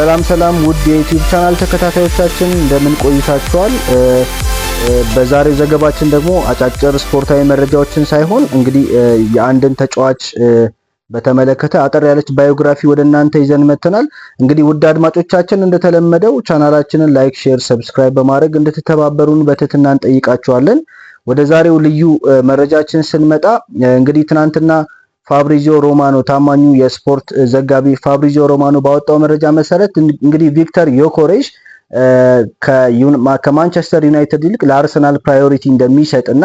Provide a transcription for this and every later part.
ሰላም ሰላም ውድ የዩቲዩብ ቻናል ተከታታዮቻችን እንደምን ቆይታችኋል? በዛሬው ዘገባችን ደግሞ አጫጭር ስፖርታዊ መረጃዎችን ሳይሆን እንግዲህ የአንድን ተጫዋች በተመለከተ አጠር ያለች ባዮግራፊ ወደ እናንተ ይዘን መጥተናል። እንግዲህ ውድ አድማጮቻችን እንደተለመደው ቻናላችንን ላይክ፣ ሼር፣ ሰብስክራይብ በማድረግ እንድትተባበሩን በትህትና እንጠይቃችኋለን። ወደ ዛሬው ልዩ መረጃችን ስንመጣ እንግዲህ ትናንትና ፋብሪዚዮ ሮማኖ ታማኙ የስፖርት ዘጋቢ ፋብሪዚዮ ሮማኖ ባወጣው መረጃ መሰረት እንግዲህ ቪክተር ዮኮሬሽ ከማንቸስተር ዩናይትድ ይልቅ ለአርሰናል ፕራዮሪቲ እንደሚሰጥ እና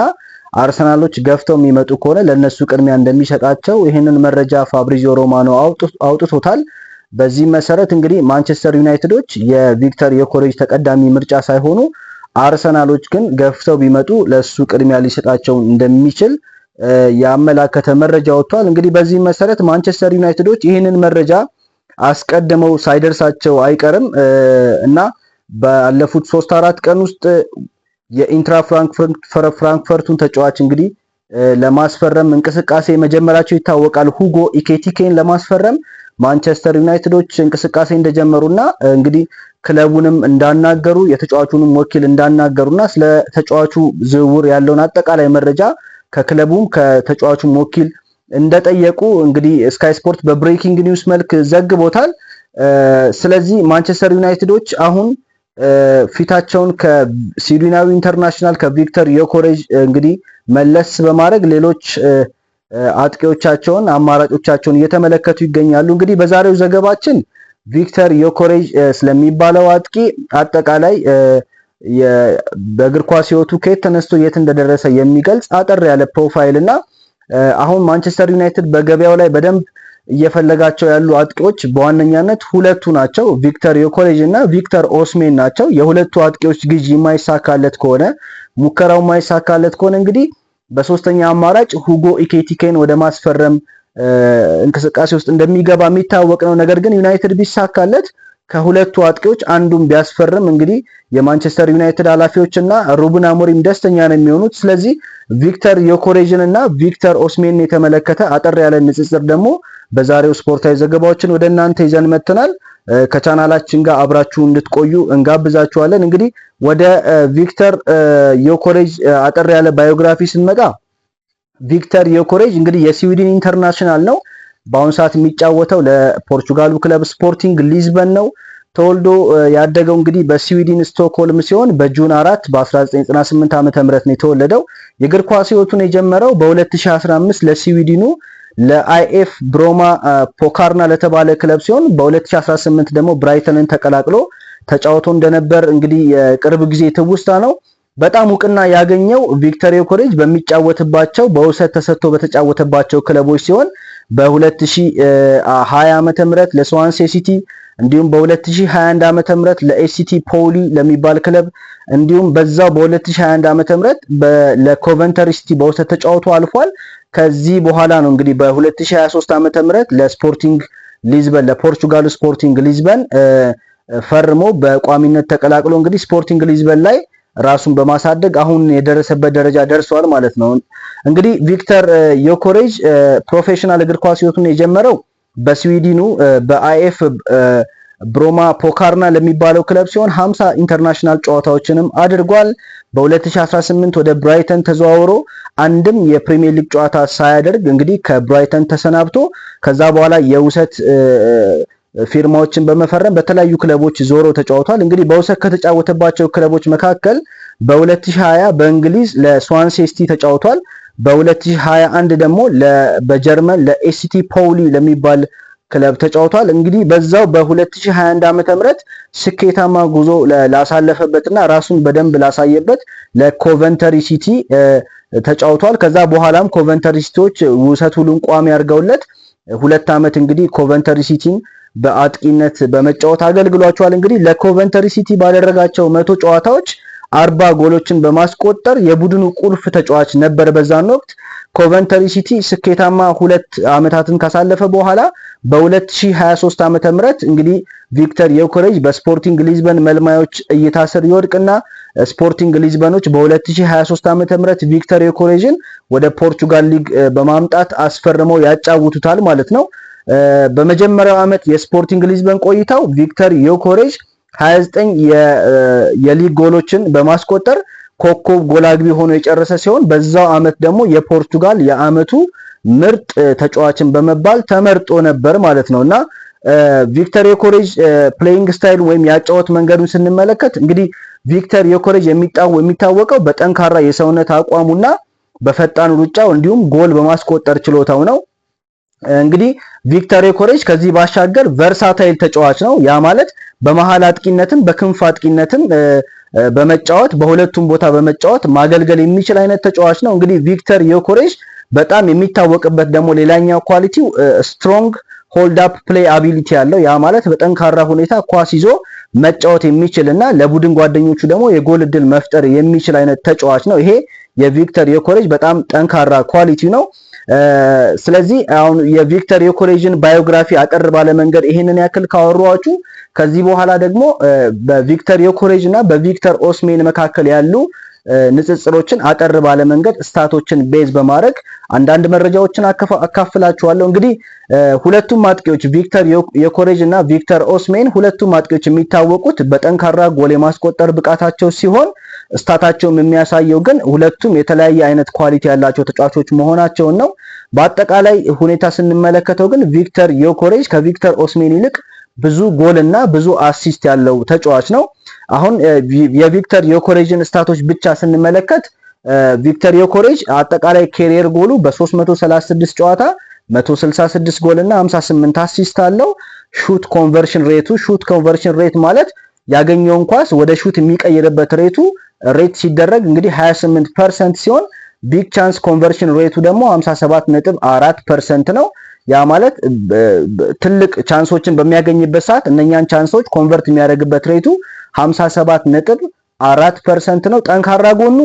አርሰናሎች ገፍተው የሚመጡ ከሆነ ለእነሱ ቅድሚያ እንደሚሰጣቸው ይህንን መረጃ ፋብሪዚዮ ሮማኖ አውጥቶታል። በዚህ መሰረት እንግዲህ ማንቸስተር ዩናይትዶች የቪክተር ዮኮሬጅ ተቀዳሚ ምርጫ ሳይሆኑ አርሰናሎች ግን ገፍተው ቢመጡ ለእሱ ቅድሚያ ሊሰጣቸው እንደሚችል ያመላከተ መረጃ ወጥቷል። እንግዲህ በዚህ መሰረት ማንቸስተር ዩናይትዶች ይህንን መረጃ አስቀድመው ሳይደርሳቸው አይቀርም እና ባለፉት ሶስት አራት ቀን ውስጥ የኢንትራ ፍራንክፈርቱን ተጫዋች እንግዲህ ለማስፈረም እንቅስቃሴ መጀመራቸው ይታወቃል። ሁጎ ኢኬቲኬን ለማስፈረም ማንቸስተር ዩናይትዶች እንቅስቃሴ እንደጀመሩና እንግዲህ ክለቡንም እንዳናገሩ የተጫዋቹንም ወኪል እንዳናገሩና ስለ ተጫዋቹ ዝውውር ያለውን አጠቃላይ መረጃ ከክለቡም ከተጫዋቹም ወኪል እንደጠየቁ እንግዲህ ስካይ ስፖርት በብሬኪንግ ኒውስ መልክ ዘግቦታል። ስለዚህ ማንቸስተር ዩናይትዶች አሁን ፊታቸውን ከስዊድናዊ ኢንተርናሽናል ከቪክተር ዮኮሬጅ እንግዲህ መለስ በማድረግ ሌሎች አጥቂዎቻቸውን አማራጮቻቸውን እየተመለከቱ ይገኛሉ። እንግዲህ በዛሬው ዘገባችን ቪክተር ዮኮሬጅ ስለሚባለው አጥቂ አጠቃላይ በእግር ኳስ ህይወቱ ከየት ተነስቶ የት እንደደረሰ የሚገልጽ አጠር ያለ ፕሮፋይል እና አሁን ማንቸስተር ዩናይትድ በገበያው ላይ በደንብ እየፈለጋቸው ያሉ አጥቂዎች በዋነኛነት ሁለቱ ናቸው። ቪክተር ዮኮሬጅ እና ቪክተር ኦስሜን ናቸው። የሁለቱ አጥቂዎች ግዢ የማይሳካለት ከሆነ ሙከራው የማይሳካለት ከሆነ እንግዲህ በሶስተኛ አማራጭ ሁጎ ኢኬቲኬን ወደ ማስፈረም እንቅስቃሴ ውስጥ እንደሚገባ የሚታወቅ ነው። ነገር ግን ዩናይትድ ቢሳካለት ከሁለቱ አጥቂዎች አንዱን ቢያስፈርም እንግዲህ የማንቸስተር ዩናይትድ ኃላፊዎች እና ሩብን አሞሪም ደስተኛ ነው የሚሆኑት። ስለዚህ ቪክተር ዮኮሬጅን እና ቪክተር ኦስሜን የተመለከተ አጠር ያለ ንጽጽር ደግሞ በዛሬው ስፖርታዊ ዘገባዎችን ወደ እናንተ ይዘን መጥተናል። ከቻናላችን ጋር አብራችሁ እንድትቆዩ እንጋብዛችኋለን። እንግዲህ ወደ ቪክተር ዮኮሬጅ አጠር ያለ ባዮግራፊ ስንመጣ ቪክተር ዮኮሬጅ እንግዲህ የስዊድን ኢንተርናሽናል ነው። በአሁኑ ሰዓት የሚጫወተው ለፖርቹጋሉ ክለብ ስፖርቲንግ ሊዝበን ነው። ተወልዶ ያደገው እንግዲህ በስዊድን ስቶክሆልም ሲሆን በጁን አራት በ1998 ዓ ም ነው የተወለደው። የእግር ኳስ ህይወቱን የጀመረው በ2015 ለስዊድኑ ለአይኤፍ ብሮማ ፖካርና ለተባለ ክለብ ሲሆን በ2018 ደግሞ ብራይተንን ተቀላቅሎ ተጫውቶ እንደነበር እንግዲህ የቅርብ ጊዜ ትውስታ ነው። በጣም እውቅና ያገኘው ቪክተር ዮከሬጅ በሚጫወትባቸው በውሰት ተሰጥቶ በተጫወተባቸው ክለቦች ሲሆን በ2020 ዓመተ ምህረት ለስዋንሴ ሲቲ እንዲሁም በ2021 ዓመተ ምህረት ለኤሲቲ ፖሊ ለሚባል ክለብ እንዲሁም በዛው በ2021 ዓመተ ምህረት ለኮቨንተሪ ሲቲ በውሰት ተጫውቶ አልፏል። ከዚህ በኋላ ነው እንግዲህ በ2023 ዓመተ ምህረት ለስፖርቲንግ ሊዝበን ለፖርቹጋሉ ስፖርቲንግ ሊዝበን ፈርሞ በቋሚነት ተቀላቅሎ እንግዲህ ስፖርቲንግ ሊዝበን ላይ ራሱን በማሳደግ አሁን የደረሰበት ደረጃ ደርሷል ማለት ነው። እንግዲህ ቪክተር ዮኮሬጅ ፕሮፌሽናል እግር ኳስ ህይወቱን የጀመረው በስዊድኑ በአይኤፍ ብሮማ ፖካርና ለሚባለው ክለብ ሲሆን 50 ኢንተርናሽናል ጨዋታዎችንም አድርጓል። በ2018 ወደ ብራይተን ተዘዋውሮ አንድም የፕሪሚየር ሊግ ጨዋታ ሳያደርግ እንግዲህ ከብራይተን ተሰናብቶ ከዛ በኋላ የውሰት ፊርማዎችን በመፈረም በተለያዩ ክለቦች ዞሮ ተጫውቷል። እንግዲህ በውሰት ከተጫወተባቸው ክለቦች መካከል በ2020 በእንግሊዝ ለስዋንሴ ሲቲ ተጫውቷል። በ2021 ደግሞ በጀርመን ለኤስቲ ፖውሊ ለሚባል ክለብ ተጫውቷል። እንግዲህ በዛው በ2021 ዓመተ ምህረት ስኬታማ ጉዞ ላሳለፈበትና ራሱን በደንብ ላሳየበት ለኮቨንተሪ ሲቲ ተጫውቷል። ከዛ በኋላም ኮቨንተሪ ሲቲዎች ውሰት ሁሉን ቋሚ ያርገውለት ሁለት ዓመት እንግዲህ ኮቨንተሪ ሲቲን በአጥቂነት በመጫወት አገልግሏቸዋል። እንግዲህ ለኮቨንተሪ ሲቲ ባደረጋቸው መቶ ጨዋታዎች አርባ ጎሎችን በማስቆጠር የቡድኑ ቁልፍ ተጫዋች ነበር። በዛን ወቅት ኮቨንተሪ ሲቲ ስኬታማ ሁለት ዓመታትን ካሳለፈ በኋላ በ2023 ዓ ም እንግዲህ ቪክተር ዮኮሬጅ በስፖርቲንግ ሊዝበን መልማዮች እይታ ስር ይወድቅና ስፖርቲንግ ሊዝበኖች በ2023 ዓ ም ቪክተር ዮከሬጅን ወደ ፖርቹጋል ሊግ በማምጣት አስፈርመው ያጫውቱታል ማለት ነው። በመጀመሪያው ዓመት የስፖርቲንግ ሊዝበን ቆይታው ቪክተር ዮኮሬጅ 29 የሊግ ጎሎችን በማስቆጠር ኮከብ ጎላግቢ ሆኖ የጨረሰ ሲሆን በዛው ዓመት ደግሞ የፖርቱጋል የዓመቱ ምርጥ ተጫዋችን በመባል ተመርጦ ነበር ማለት ነው እና ቪክተር ዮኮሬጅ ፕሌይንግ ስታይል ወይም ያጫወት መንገዱን ስንመለከት እንግዲህ ቪክተር ዮኮሬጅ የሚታወቀው በጠንካራ የሰውነት አቋሙና በፈጣን ሩጫው እንዲሁም ጎል በማስቆጠር ችሎታው ነው። እንግዲህ ቪክተር ኮሬጅ ከዚህ ባሻገር ቨርሳታይል ተጫዋች ነው። ያ ማለት በመሃል አጥቂነትም በክንፍ አጥቂነትም በመጫወት በሁለቱም ቦታ በመጫወት ማገልገል የሚችል አይነት ተጫዋች ነው። እንግዲህ ቪክተር የኮሬጅ በጣም የሚታወቅበት ደግሞ ሌላኛው ኳሊቲው ስትሮንግ ሆልድ አፕ ፕሌይ አቢሊቲ ያለው ያ ማለት በጠንካራ ሁኔታ ኳስ ይዞ መጫወት የሚችል እና ለቡድን ጓደኞቹ ደግሞ የጎል እድል መፍጠር የሚችል አይነት ተጫዋች ነው። ይሄ የቪክተር የኮሬጅ በጣም ጠንካራ ኳሊቲ ነው። ስለዚህ አሁን የቪክተር ዮኬሬዥን ባዮግራፊ አጠር ባለ መንገድ ይሄንን ያክል ካወሯችሁ ከዚህ በኋላ ደግሞ በቪክተር ዮኬሬዥ እና በቪክተር ኦስሜን መካከል ያሉ ንጽጽሮችን አጠር ባለ መንገድ ስታቶችን ቤዝ በማድረግ አንዳንድ መረጃዎችን አካፍላችኋለሁ። እንግዲህ ሁለቱም አጥቂዎች ቪክተር የኮሬጅ እና ቪክተር ኦስሜን ሁለቱም አጥቂዎች የሚታወቁት በጠንካራ ጎል የማስቆጠር ብቃታቸው ሲሆን ስታታቸውም የሚያሳየው ግን ሁለቱም የተለያየ አይነት ኳሊቲ ያላቸው ተጫዋቾች መሆናቸውን ነው። በአጠቃላይ ሁኔታ ስንመለከተው ግን ቪክተር ዮኮሬጅ ከቪክተር ኦስሜን ይልቅ ብዙ ጎል እና ብዙ አሲስት ያለው ተጫዋች ነው። አሁን የቪክተር ዮኮሬጅን ስታቶች ብቻ ስንመለከት ቪክተር ዮኮሬጅ አጠቃላይ ኬሪየር ጎሉ በ336 ጨዋታ 166 ጎል እና 58 አሲስት አለው። ሹት ኮንቨርሽን ሬቱ ሹት ኮንቨርሽን ሬት ማለት ያገኘውን ኳስ ወደ ሹት የሚቀይርበት ሬቱ ሬት ሲደረግ እንግዲህ 28 ሲሆን ቢግ ቻንስ ኮንቨርሽን ሬቱ ደግሞ 57 4 ነው። ያ ማለት ትልቅ ቻንሶችን በሚያገኝበት ሰዓት እነኛን ቻንሶች ኮንቨርት የሚያደርግበት ሬቱ 57 ነጥብ አራት ፐርሰንት ነው። ጠንካራ ጎኑ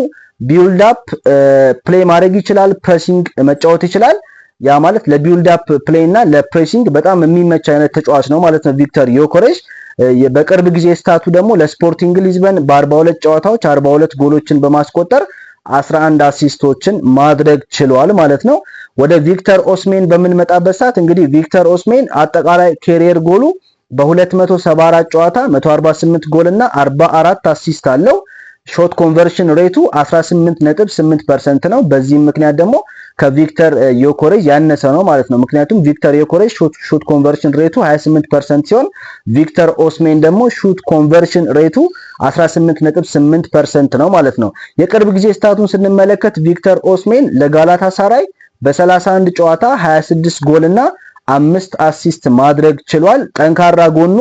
ቢውልድ አፕ ፕሌይ ማድረግ ይችላል። ፕሬሲንግ መጫወት ይችላል። ያ ማለት ለቢውልድ አፕ ፕሌይ እና ለፕሬሲንግ በጣም የሚመች አይነት ተጫዋች ነው ማለት ነው ቪክተር ዮኮሬሽ። በቅርብ ጊዜ ስታቱ ደግሞ ለስፖርቲንግ ሊዝበን በ42 ጨዋታዎች 42 ጎሎችን በማስቆጠር 11 አሲስቶችን ማድረግ ችሏል ማለት ነው። ወደ ቪክተር ኦስሜን በምንመጣበት ሰዓት እንግዲህ ቪክተር ኦስሜን አጠቃላይ ኬሪየር ጎሉ በ274 ጨዋታ 148 ጎልና 44 አሲስት አለው። ሾት ኮንቨርሽን ሬቱ 18.8 ነው። በዚህም ምክንያት ደግሞ ከቪክተር ዮኮሬጅ ያነሰ ነው ማለት ነው። ምክንያቱም ቪክተር ዮኮሬጅ ሹት ኮንቨርሽን ሬቱ 28% ሲሆን ቪክተር ኦስሜን ደግሞ ሹት ኮንቨርሽን ሬቱ 18.8% ነው ማለት ነው። የቅርብ ጊዜ ስታቱን ስንመለከት ቪክተር ኦስሜን ለጋላታ ሳራይ በ31 ጨዋታ 26 ጎልና አምስት አሲስት ማድረግ ችሏል። ጠንካራ ጎኑ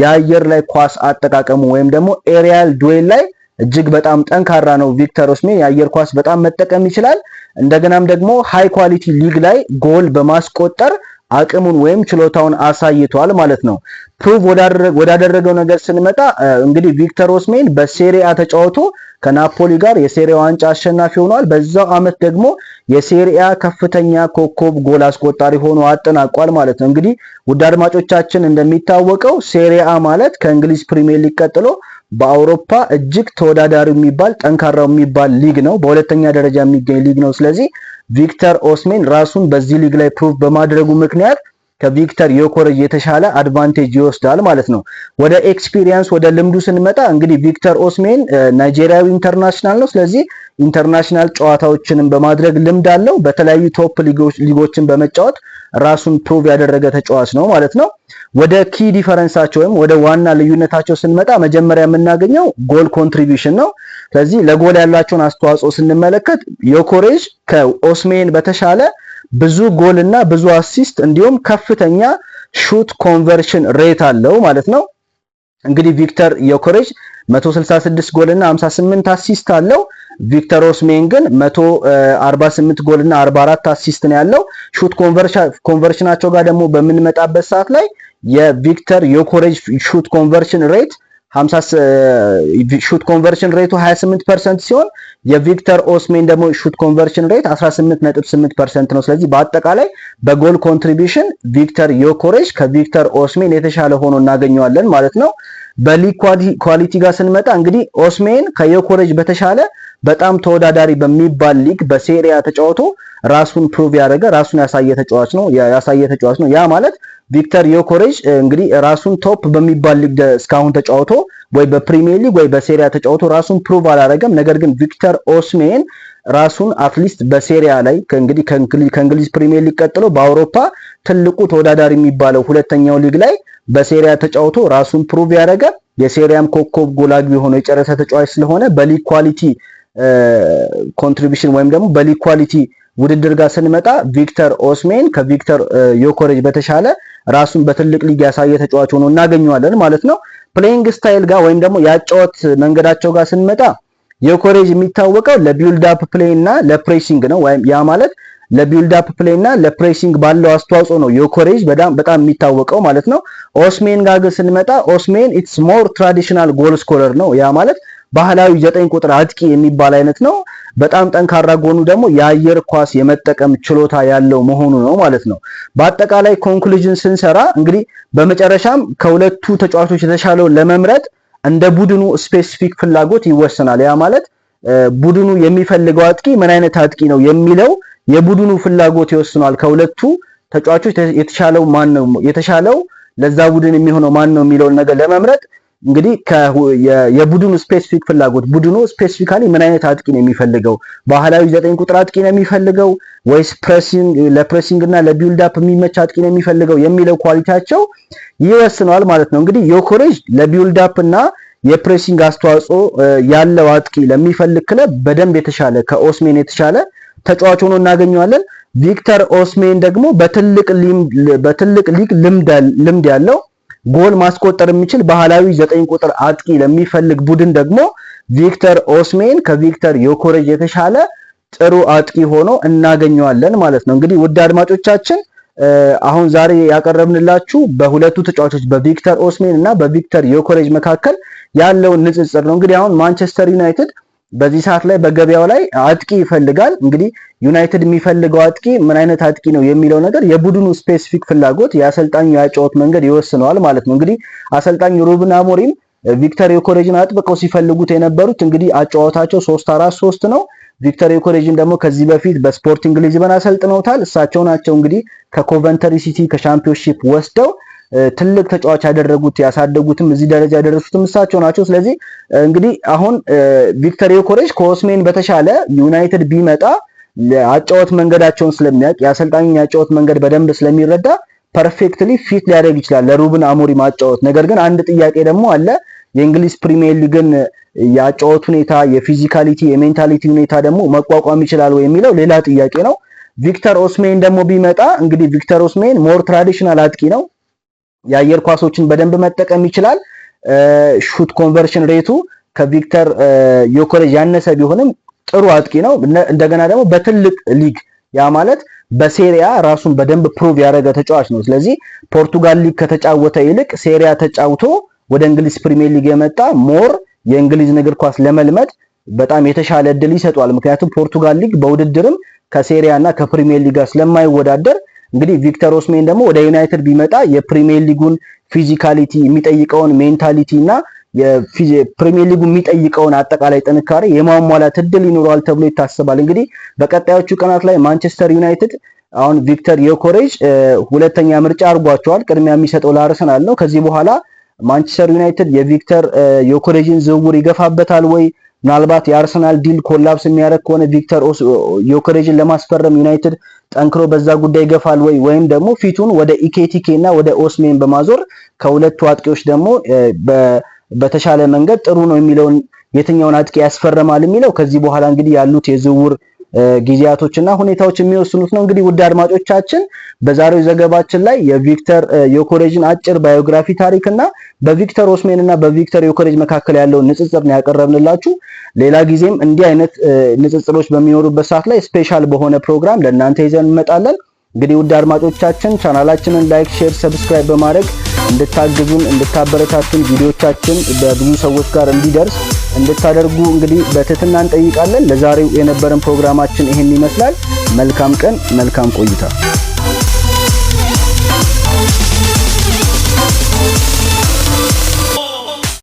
የአየር ላይ ኳስ አጠቃቀሙ ወይም ደግሞ ኤሪያል ዱዌል ላይ እጅግ በጣም ጠንካራ ነው። ቪክተር ኦስሜን የአየር ኳስ በጣም መጠቀም ይችላል። እንደገናም ደግሞ ሃይ ኳሊቲ ሊግ ላይ ጎል በማስቆጠር አቅሙን ወይም ችሎታውን አሳይቷል ማለት ነው። ፕሩቭ ወዳደረገው ነገር ስንመጣ እንግዲህ ቪክተር ኦስሜን በሴሪአ ተጫውቶ ከናፖሊ ጋር የሴሪያ ዋንጫ አሸናፊ ሆኗል። በዛው አመት ደግሞ የሴሪያ ከፍተኛ ኮከብ ጎል አስቆጣሪ ሆኖ አጠናቋል ማለት ነው። እንግዲህ ውድ አድማጮቻችን እንደሚታወቀው ሴሪያ ማለት ከእንግሊዝ ፕሪሚየር ሊግ ቀጥሎ በአውሮፓ እጅግ ተወዳዳሪው የሚባል ጠንካራው የሚባል ሊግ ነው። በሁለተኛ ደረጃ የሚገኝ ሊግ ነው። ስለዚህ ቪክተር ኦስሜን ራሱን በዚህ ሊግ ላይ ፕሩቭ በማድረጉ ምክንያት ከቪክተር ዮኮሬጅ የተሻለ አድቫንቴጅ ይወስዳል ማለት ነው። ወደ ኤክስፒሪየንስ ወደ ልምዱ ስንመጣ እንግዲህ ቪክተር ኦስሜን ናይጄሪያዊ ኢንተርናሽናል ነው። ስለዚህ ኢንተርናሽናል ጨዋታዎችንም በማድረግ ልምድ አለው። በተለያዩ ቶፕ ሊጎችን በመጫወት ራሱን ፕሩቭ ያደረገ ተጫዋች ነው ማለት ነው። ወደ ኪ ዲፈረንሳቸው ወይም ወደ ዋና ልዩነታቸው ስንመጣ መጀመሪያ የምናገኘው ጎል ኮንትሪቢሽን ነው። ስለዚህ ለጎል ያላቸውን አስተዋጽኦ ስንመለከት ዮኮሬጅ ከኦስሜን በተሻለ ብዙ ጎል እና ብዙ አሲስት እንዲሁም ከፍተኛ ሹት ኮንቨርሽን ሬት አለው ማለት ነው። እንግዲህ ቪክተር ዮከሬጅ 166 ጎል እና 58 አሲስት አለው። ቪክተር ኦስሜን ግን 148 ጎል እና 44 አሲስት ነው ያለው። ሹት ኮንቨርሽናቸው ጋር ደግሞ በምንመጣበት ሰዓት ላይ የቪክተር ዮኮሬጅ ሹት ኮንቨርሽን ሬት ሹት ኮንቨርሽን ሬቱ 28% ሲሆን የቪክተር ኦስሜን ደግሞ ሹት ኮንቨርሽን ሬት 18.8% ነው። ስለዚህ በአጠቃላይ በጎል ኮንትሪቢሽን ቪክተር ዮኮሬሽ ከቪክተር ኦስሜን የተሻለ ሆኖ እናገኘዋለን ማለት ነው። በሊግ ኳሊቲ ጋር ስንመጣ እንግዲህ ኦስሜን ከዮኮሬጅ በተሻለ በጣም ተወዳዳሪ በሚባል ሊግ በሴሪያ ተጫውቶ ራሱን ፕሩቭ ያደረገ ራሱን ያሳየ ተጫዋች ነው ያሳየ ተጫዋች ነው ያ ማለት ቪክተር ዮኮሬጅ እንግዲህ ራሱን ቶፕ በሚባል ሊግ እስካሁን ተጫውቶ ወይ በፕሪሚየር ሊግ ወይ በሴሪያ ተጫውቶ ራሱን ፕሩቭ አላደረገም። ነገር ግን ቪክተር ኦስሜን ራሱን አትሊስት በሴሪያ ላይ እንግዲህ ከእንግሊዝ ፕሪሚየር ሊግ ቀጥሎ በአውሮፓ ትልቁ ተወዳዳሪ የሚባለው ሁለተኛው ሊግ ላይ በሴሪያ ተጫውቶ ራሱን ፕሩቭ ያደረገ የሴሪያም ኮከብ ጎላጊ የሆነው የጨረሰ ተጫዋች ስለሆነ በሊግ ኳሊቲ ኮንትሪቢሽን ወይም ደግሞ በሊግ ኳሊቲ ውድድር ጋር ስንመጣ ቪክተር ኦስሜን ከቪክተር ዮኮሬጅ በተሻለ ራሱን በትልቅ ሊግ ያሳየ ተጫዋች ሆኖ እናገኘዋለን ማለት ነው። ፕሌይንግ ስታይል ጋር ወይም ደግሞ ያጫወት መንገዳቸው ጋር ስንመጣ ዮኮሬጅ የሚታወቀው ለቢልድ አፕ ፕሌይ እና ለፕሬሲንግ ነው። ወይም ያ ማለት ለቢልድ አፕ ፕሌይ እና ለፕሬሲንግ ባለው አስተዋጽኦ ነው ዮኮሬጅ በጣም በጣም የሚታወቀው ማለት ነው። ኦስሜን ጋር ስንመጣ ኦስሜን ኢትስ ሞር ትራዲሽናል ጎል ስኮለር ነው። ያ ማለት ባህላዊ ዘጠኝ ቁጥር አጥቂ የሚባል አይነት ነው። በጣም ጠንካራ ጎኑ ደግሞ የአየር ኳስ የመጠቀም ችሎታ ያለው መሆኑ ነው ማለት ነው። በአጠቃላይ ኮንክሉዥን ስንሰራ እንግዲህ በመጨረሻም ከሁለቱ ተጫዋቾች የተሻለውን ለመምረጥ እንደ ቡድኑ ስፔሲፊክ ፍላጎት ይወሰናል። ያ ማለት ቡድኑ የሚፈልገው አጥቂ ምን አይነት አጥቂ ነው የሚለው የቡድኑ ፍላጎት ይወስኗል። ከሁለቱ ተጫዋቾች የተሻለው ማን ነው የተሻለው ለዛ ቡድን የሚሆነው ማን ነው የሚለውን ነገር ለመምረጥ እንግዲህ የቡድኑ ስፔሲፊክ ፍላጎት ቡድኑ ስፔሲፊካሊ ምን አይነት አጥቂ ነው የሚፈልገው? ባህላዊ ዘጠኝ ቁጥር አጥቂ ነው የሚፈልገው ወይስ ፕሬሲንግ ለፕሬሲንግ እና ለቢልድ አፕ የሚመች አጥቂ ነው የሚፈልገው የሚለው ኳሊቲያቸው ይወስነዋል ማለት ነው። እንግዲህ ዮኮሬጅ ለቢልድ አፕ እና የፕሬሲንግ አስተዋጽኦ ያለው አጥቂ ለሚፈልግ ክለብ በደንብ የተሻለ ከኦስሜን የተሻለ ተጫዋች ሆኖ እናገኘዋለን። ቪክተር ኦስሜን ደግሞ በትልቅ ሊግ ልምድ ያለው ጎል ማስቆጠር የሚችል ባህላዊ ዘጠኝ ቁጥር አጥቂ ለሚፈልግ ቡድን ደግሞ ቪክተር ኦስሜን ከቪክተር ዮኮሬጅ የተሻለ ጥሩ አጥቂ ሆኖ እናገኘዋለን ማለት ነው። እንግዲህ ውድ አድማጮቻችን አሁን ዛሬ ያቀረብንላችሁ በሁለቱ ተጫዋቾች በቪክተር ኦስሜን እና በቪክተር ዮኮሬጅ መካከል ያለውን ንጽጽር ነው። እንግዲህ አሁን ማንቸስተር ዩናይትድ በዚህ ሰዓት ላይ በገበያው ላይ አጥቂ ይፈልጋል። እንግዲህ ዩናይትድ የሚፈልገው አጥቂ ምን አይነት አጥቂ ነው የሚለው ነገር የቡድኑ ስፔሲፊክ ፍላጎት የአሰልጣኙ የአጨዋወት መንገድ ይወስነዋል ማለት ነው። እንግዲህ አሰልጣኝ ሩብን አሞሪም ቪክተር ዮከሬጅን አጥብቀው ሲፈልጉት የነበሩት እንግዲህ አጨዋወታቸው ሶስት አራት ሶስት ነው። ቪክተር ዮከሬጅን ደግሞ ከዚህ በፊት በስፖርቲንግ ሊዝበን አሰልጥነውታል። እሳቸው ናቸው እንግዲህ ከኮቨንተሪ ሲቲ ከሻምፒዮንሺፕ ወስደው ትልቅ ተጫዋች ያደረጉት ያሳደጉትም እዚህ ደረጃ ያደረሱትም እሳቸው ናቸው። ስለዚህ እንግዲህ አሁን ቪክተር ዮኮሬሽ ከኦስሜን በተሻለ ዩናይትድ ቢመጣ አጫወት መንገዳቸውን ስለሚያውቅ የአሰልጣኝ የአጫወት መንገድ በደንብ ስለሚረዳ ፐርፌክትሊ ፊት ሊያደርግ ይችላል ለሩብን አሞሪ አጫወት። ነገር ግን አንድ ጥያቄ ደግሞ አለ። የእንግሊዝ ፕሪሚየር ሊግን የአጫወት ሁኔታ፣ የፊዚካሊቲ የሜንታሊቲ ሁኔታ ደግሞ መቋቋም ይችላል ወይ የሚለው ሌላ ጥያቄ ነው። ቪክተር ኦስሜን ደግሞ ቢመጣ እንግዲህ ቪክተር ኦስሜን ሞር ትራዲሽናል አጥቂ ነው። የአየር ኳሶችን በደንብ መጠቀም ይችላል። ሹት ኮንቨርሽን ሬቱ ከቪክተር ዮኮሬጅ ያነሰ ቢሆንም ጥሩ አጥቂ ነው። እንደገና ደግሞ በትልቅ ሊግ ያ ማለት በሴሪያ ራሱን በደንብ ፕሩቭ ያደረገ ተጫዋች ነው። ስለዚህ ፖርቱጋል ሊግ ከተጫወተ ይልቅ ሴሪያ ተጫውቶ ወደ እንግሊዝ ፕሪሚየር ሊግ የመጣ ሞር የእንግሊዝን እግር ኳስ ለመልመድ በጣም የተሻለ እድል ይሰጧል። ምክንያቱም ፖርቱጋል ሊግ በውድድርም ከሴሪያ እና ከፕሪሚየር ሊግ ጋር ስለማይወዳደር እንግዲህ ቪክተር ኦስሜን ደግሞ ወደ ዩናይትድ ቢመጣ የፕሪሚየር ሊጉን ፊዚካሊቲ የሚጠይቀውን ሜንታሊቲ እና የፕሪሚየር ሊጉ የሚጠይቀውን አጠቃላይ ጥንካሬ የማሟላት እድል ይኖረዋል ተብሎ ይታሰባል። እንግዲህ በቀጣዮቹ ቀናት ላይ ማንቸስተር ዩናይትድ አሁን ቪክተር ዮኮሬጅ ሁለተኛ ምርጫ አድርጓቸዋል። ቅድሚያ የሚሰጠው ለአርሰናል ነው። ከዚህ በኋላ ማንቸስተር ዩናይትድ የቪክተር ዮኮሬጅን ዝውውር ይገፋበታል ወይ? ምናልባት የአርሰናል ዲል ኮላፕስ የሚያደርግ ከሆነ ቪክተር ዮከሬጅን ለማስፈረም ዩናይትድ ጠንክሮ በዛ ጉዳይ ይገፋል ወይ ወይም ደግሞ ፊቱን ወደ ኢኬቲኬ እና ወደ ኦስሜን በማዞር ከሁለቱ አጥቂዎች ደግሞ በተሻለ መንገድ ጥሩ ነው የሚለውን የትኛውን አጥቂ ያስፈረማል የሚለው ከዚህ በኋላ እንግዲህ ያሉት የዝውውር ጊዜያቶችና ሁኔታዎች የሚወስኑት ነው። እንግዲህ ውድ አድማጮቻችን በዛሬው ዘገባችን ላይ የቪክተር ዮኮሬጅን አጭር ባዮግራፊ ታሪክና በቪክተር ኦስሜን እና በቪክተር ዮኮሬጅ መካከል ያለውን ንጽጽር ነው ያቀረብንላችሁ። ሌላ ጊዜም እንዲህ አይነት ንጽጽሮች በሚኖሩበት ሰዓት ላይ ስፔሻል በሆነ ፕሮግራም ለእናንተ ይዘን እንመጣለን። እንግዲህ ውድ አድማጮቻችን ቻናላችንን ላይክ፣ ሼር፣ ሰብስክራይብ በማድረግ እንድታግዙን እንድታበረታቱን ቪዲዮቻችን በብዙ ሰዎች ጋር እንዲደርስ እንድታደርጉ እንግዲህ በትህትና እንጠይቃለን። ለዛሬው የነበረን ፕሮግራማችን ይህን ይመስላል። መልካም ቀን፣ መልካም ቆይታ